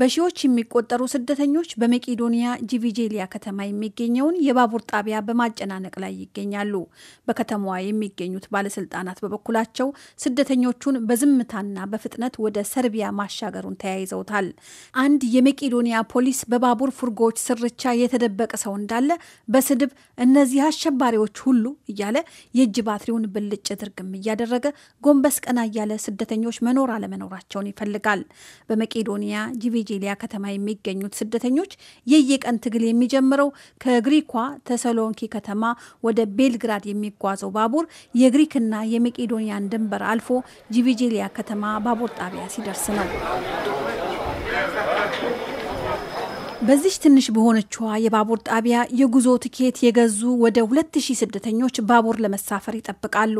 በሺዎች የሚቆጠሩ ስደተኞች በመቄዶንያ ጂቪጄሊያ ከተማ የሚገኘውን የባቡር ጣቢያ በማጨናነቅ ላይ ይገኛሉ። በከተማዋ የሚገኙት ባለስልጣናት በበኩላቸው ስደተኞቹን በዝምታና በፍጥነት ወደ ሰርቢያ ማሻገሩን ተያይዘውታል። አንድ የመቄዶንያ ፖሊስ በባቡር ፉርጎዎች ስርቻ የተደበቀ ሰው እንዳለ በስድብ እነዚህ አሸባሪዎች ሁሉ እያለ የእጅ ባትሪውን ብልጭ ድርግም እያደረገ ጎንበስ ቀና እያለ ስደተኞች መኖር አለመኖራቸውን ይፈልጋል። በመቄዶንያ ሴጄሊያ ከተማ የሚገኙት ስደተኞች የየቀን ትግል የሚጀምረው ከግሪኳ ተሰሎንኪ ከተማ ወደ ቤልግራድ የሚጓዘው ባቡር የግሪክና የመቄዶንያን ድንበር አልፎ ጂቪጂሊያ ከተማ ባቡር ጣቢያ ሲደርስ ነው። በዚህ ትንሽ በሆነችዋ የባቡር ጣቢያ የጉዞ ትኬት የገዙ ወደ ሁለት ስደተኞች ባቡር ለመሳፈር ይጠብቃሉ።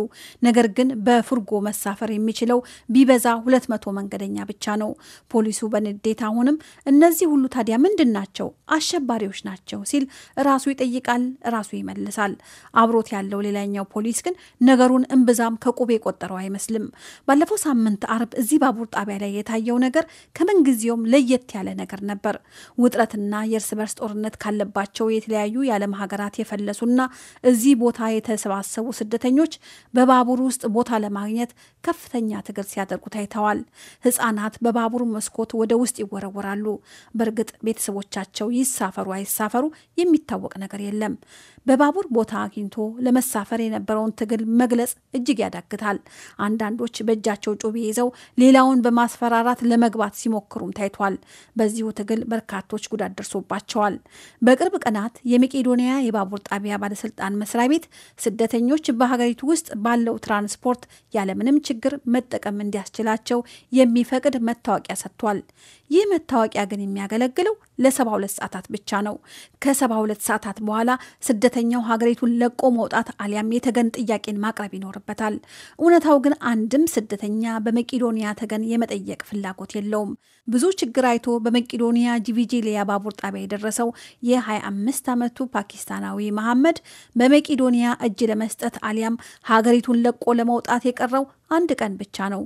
ነገር ግን በፍርጎ መሳፈር የሚችለው ቢበዛ 200 መንገደኛ ብቻ ነው። ፖሊሱ በንዴት አሁንም እነዚህ ሁሉ ታዲያ ምንድን ናቸው? አሸባሪዎች ናቸው ሲል ራሱ ይጠይቃል፣ ራሱ ይመልሳል። አብሮት ያለው ሌላኛው ፖሊስ ግን ነገሩን እምብዛም ከቁብ የቆጠረው አይመስልም። ባለፈው ሳምንት አርብ እዚህ ባቡር ጣቢያ ላይ የታየው ነገር ከምንጊዜውም ለየት ያለ ነገር ነበር። ውጥረት ጦርነትና የእርስ በርስ ጦርነት ካለባቸው የተለያዩ የዓለም ሀገራት የፈለሱና እዚህ ቦታ የተሰባሰቡ ስደተኞች በባቡር ውስጥ ቦታ ለማግኘት ከፍተኛ ትግል ሲያደርጉ ታይተዋል። ህጻናት በባቡር መስኮት ወደ ውስጥ ይወረወራሉ። በእርግጥ ቤተሰቦቻቸው ይሳፈሩ አይሳፈሩ የሚታወቅ ነገር የለም። በባቡር ቦታ አግኝቶ ለመሳፈር የነበረውን ትግል መግለጽ እጅግ ያዳግታል። አንዳንዶች በእጃቸው ጩቤ ይዘው ሌላውን በማስፈራራት ለመግባት ሲሞክሩም ታይቷል። በዚሁ ትግል በርካቶች ጉዳት ደርሶባቸዋል። በቅርብ ቀናት የመቄዶንያ የባቡር ጣቢያ ባለስልጣን መስሪያ ቤት ስደተኞች በሀገሪቱ ውስጥ ባለው ትራንስፖርት ያለምንም ችግር መጠቀም እንዲያስችላቸው የሚፈቅድ መታወቂያ ሰጥቷል። ይህ መታወቂያ ግን የሚያገለግለው ለ72 ሰዓታት ብቻ ነው። ከ72 ሰዓታት በኋላ ስደተኛው ሀገሪቱን ለቆ መውጣት አሊያም የተገን ጥያቄን ማቅረብ ይኖርበታል። እውነታው ግን አንድም ስደተኛ በመቄዶንያ ተገን የመጠየቅ ፍላጎት የለውም። ብዙ ችግር አይቶ በመቄዶንያ ጂቪጂሊያ ባቡር ጣቢያ የደረሰው የ25 ዓመቱ ፓኪስታናዊ መሐመድ በመቄዶንያ እጅ ለመስጠት አሊያም ሀገሪቱን ለቆ ለመውጣት የቀረው አንድ ቀን ብቻ ነው።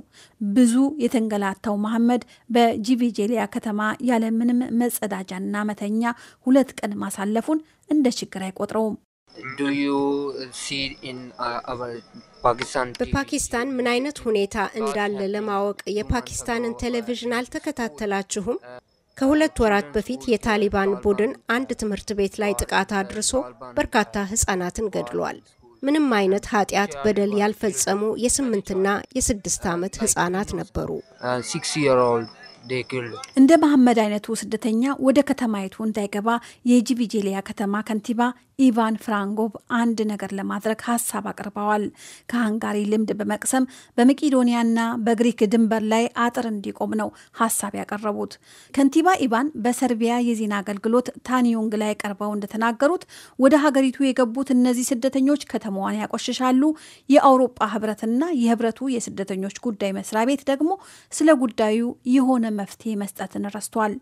ብዙ የተንገላታው መሐመድ በጂቪጄሊያ ከተማ ያለምንም መጸዳጃና መተኛ ሁለት ቀን ማሳለፉን እንደ ችግር አይቆጥረውም። uh, በፓኪስታን ምን አይነት ሁኔታ እንዳለ ለማወቅ የፓኪስታንን ቴሌቪዥን አልተከታተላችሁም? ከሁለት ወራት በፊት የታሊባን ቡድን አንድ ትምህርት ቤት ላይ ጥቃት አድርሶ በርካታ ሕጻናትን ገድሏል። ምንም አይነት ኃጢአት በደል ያልፈጸሙ የስምንትና የስድስት ዓመት ህጻናት ነበሩ። uh, እንደ መሐመድ አይነቱ ስደተኛ ወደ ከተማይቱ እንዳይገባ የጂቢጄሊያ ከተማ ከንቲባ ኢቫን ፍራንጎቭ አንድ ነገር ለማድረግ ሀሳብ አቅርበዋል። ከሃንጋሪ ልምድ በመቅሰም ና በግሪክ ድንበር ላይ አጥር እንዲቆም ነው ሀሳብ ያቀረቡት። ከንቲባ ኢቫን በሰርቢያ የዜና አገልግሎት ታኒዮንግ ላይ ቀርበው እንደተናገሩት ወደ ሀገሪቱ የገቡት እነዚህ ስደተኞች ከተማዋን ያቆሽሻሉ። የአውሮፓ ህብረትና የህብረቱ የስደተኞች ጉዳይ መስሪያ ቤት ደግሞ ስለ ጉዳዩ የሆነ መፍትሄ መስጠትን ረስቷል።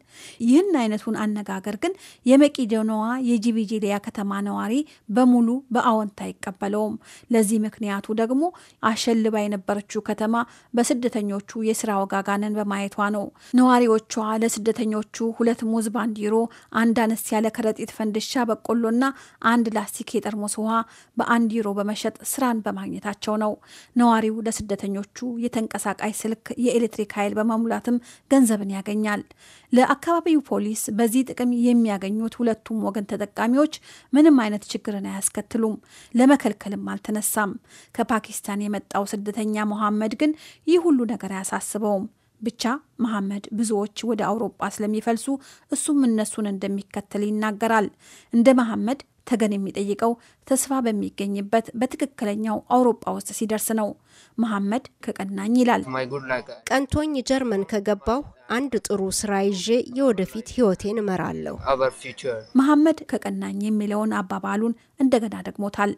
ይህን አይነቱን አነጋገር ግን የመቄዶንያዋ የጂቢጂሊያ ከተማ ነዋሪ በሙሉ በአዎንታ አይቀበለውም። ለዚህ ምክንያቱ ደግሞ አሸልባ የነበረችው ከተማ በስደተኞቹ የስራ ወጋጋንን በማየቷ ነው። ነዋሪዎቿ ለስደተኞቹ ሁለት ሙዝ ባንዲሮ፣ አንድ አነስ ያለ ከረጢት ፈንድሻ በቆሎና አንድ ላስቲክ የጠርሙስ ውሃ በአንዲሮ በመሸጥ ስራን በማግኘታቸው ነው። ነዋሪው ለስደተኞቹ የተንቀሳቃሽ ስልክ፣ የኤሌክትሪክ ኃይል በማሙላትም ገንዘብን ያገኛል። ለአካባቢው ፖሊስ በዚህ ጥቅም የሚያገኙት ሁለቱም ወገን ተጠቃሚዎች ምንም አይነት ችግርን አያስከትሉም፣ ለመከልከልም አልተነሳም። ከፓኪስታን የመጣው ስደተኛ መሐመድ ግን ይህ ሁሉ ነገር አያሳስበውም። ብቻ መሐመድ ብዙዎች ወደ አውሮጳ ስለሚፈልሱ እሱም እነሱን እንደሚከተል ይናገራል። እንደ መሐመድ ተገን የሚጠይቀው ተስፋ በሚገኝበት በትክክለኛው አውሮፓ ውስጥ ሲደርስ ነው። መሐመድ ከቀናኝ ይላል፣ oh ቀንቶኝ ጀርመን ከገባው አንድ ጥሩ ስራ ይዤ የወደፊት ህይወቴን እመራለሁ። መሐመድ ከቀናኝ የሚለውን አባባሉን እንደገና ደግሞታል።